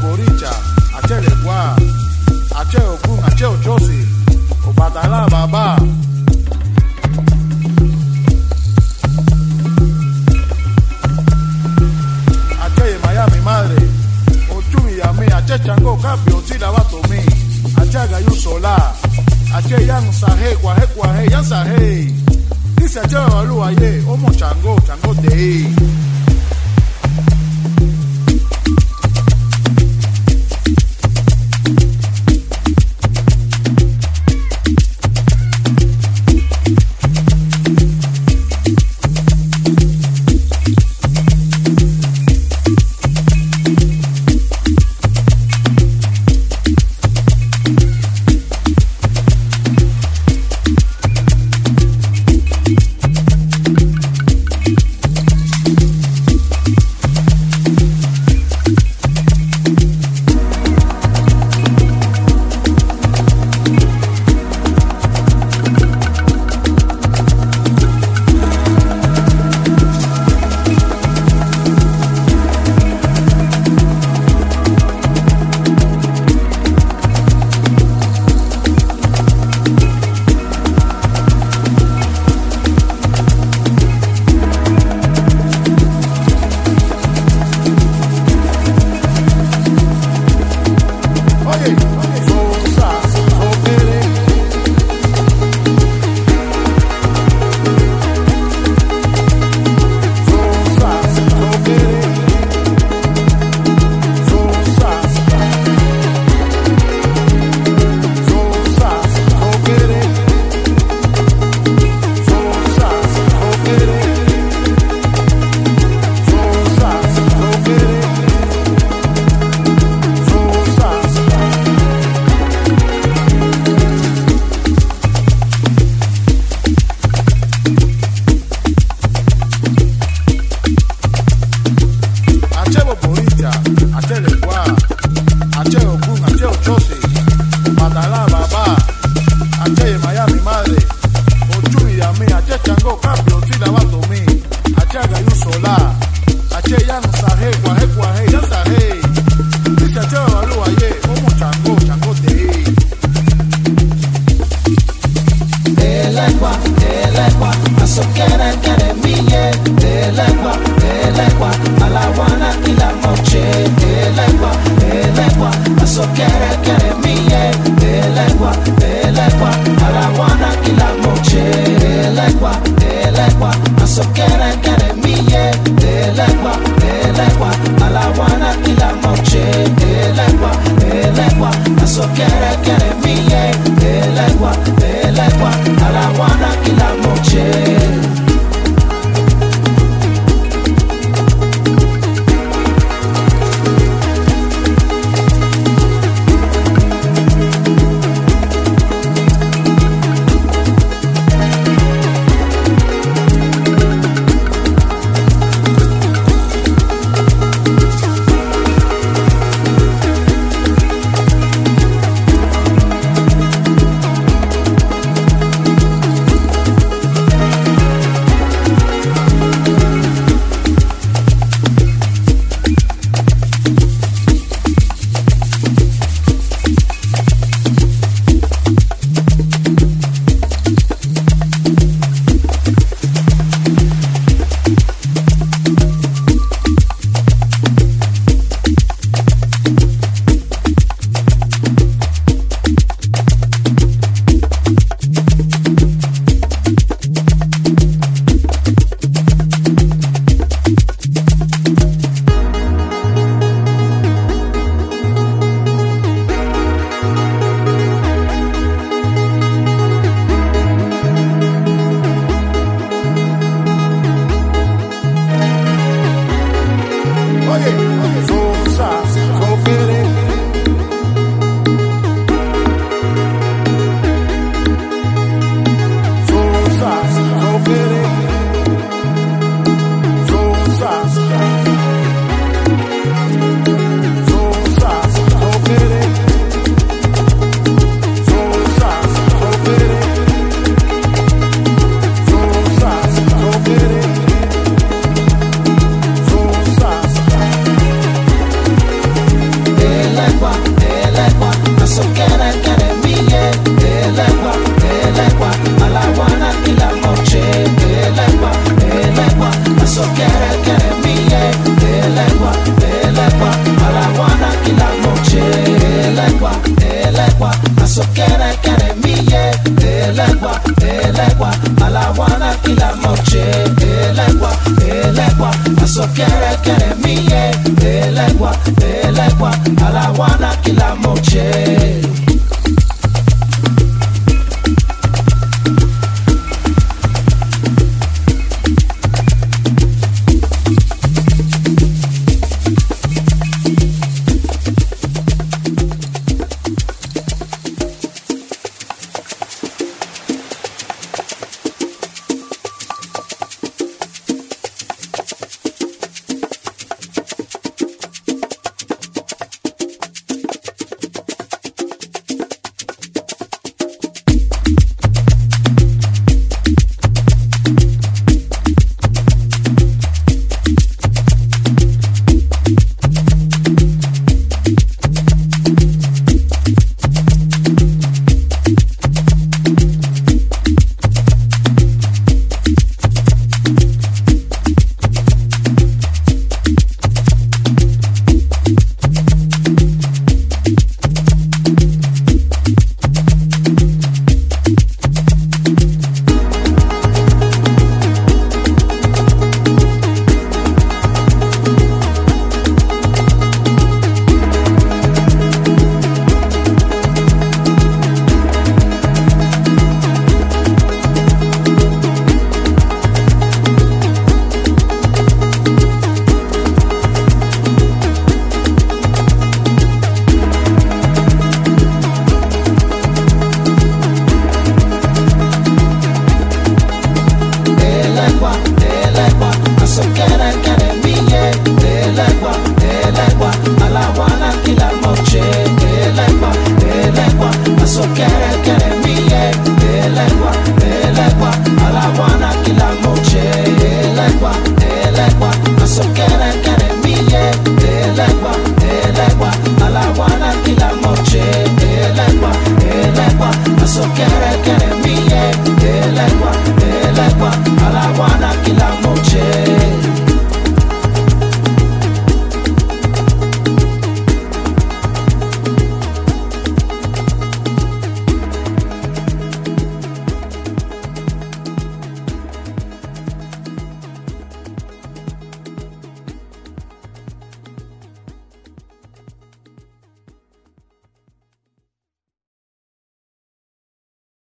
Boricha, Ache Legua, Ache Okun, Ache Ochosi, Obatala Baba. Ache Maya mi madre, Ochumi Yami, Ache Chango Kapi, Otila Batomi, Ache Agayu Sola, Ache Yang Sahe, Kwahe Kwahe, Yang Sahe. Dice Ache Babalu Omo Chango, Chango Tei. elekwa elekwa alawana kila moche elekwa elekwa ọchị elekwa elekwa quiere kẹrẹkẹrẹ mi yẹ elekwa elekwa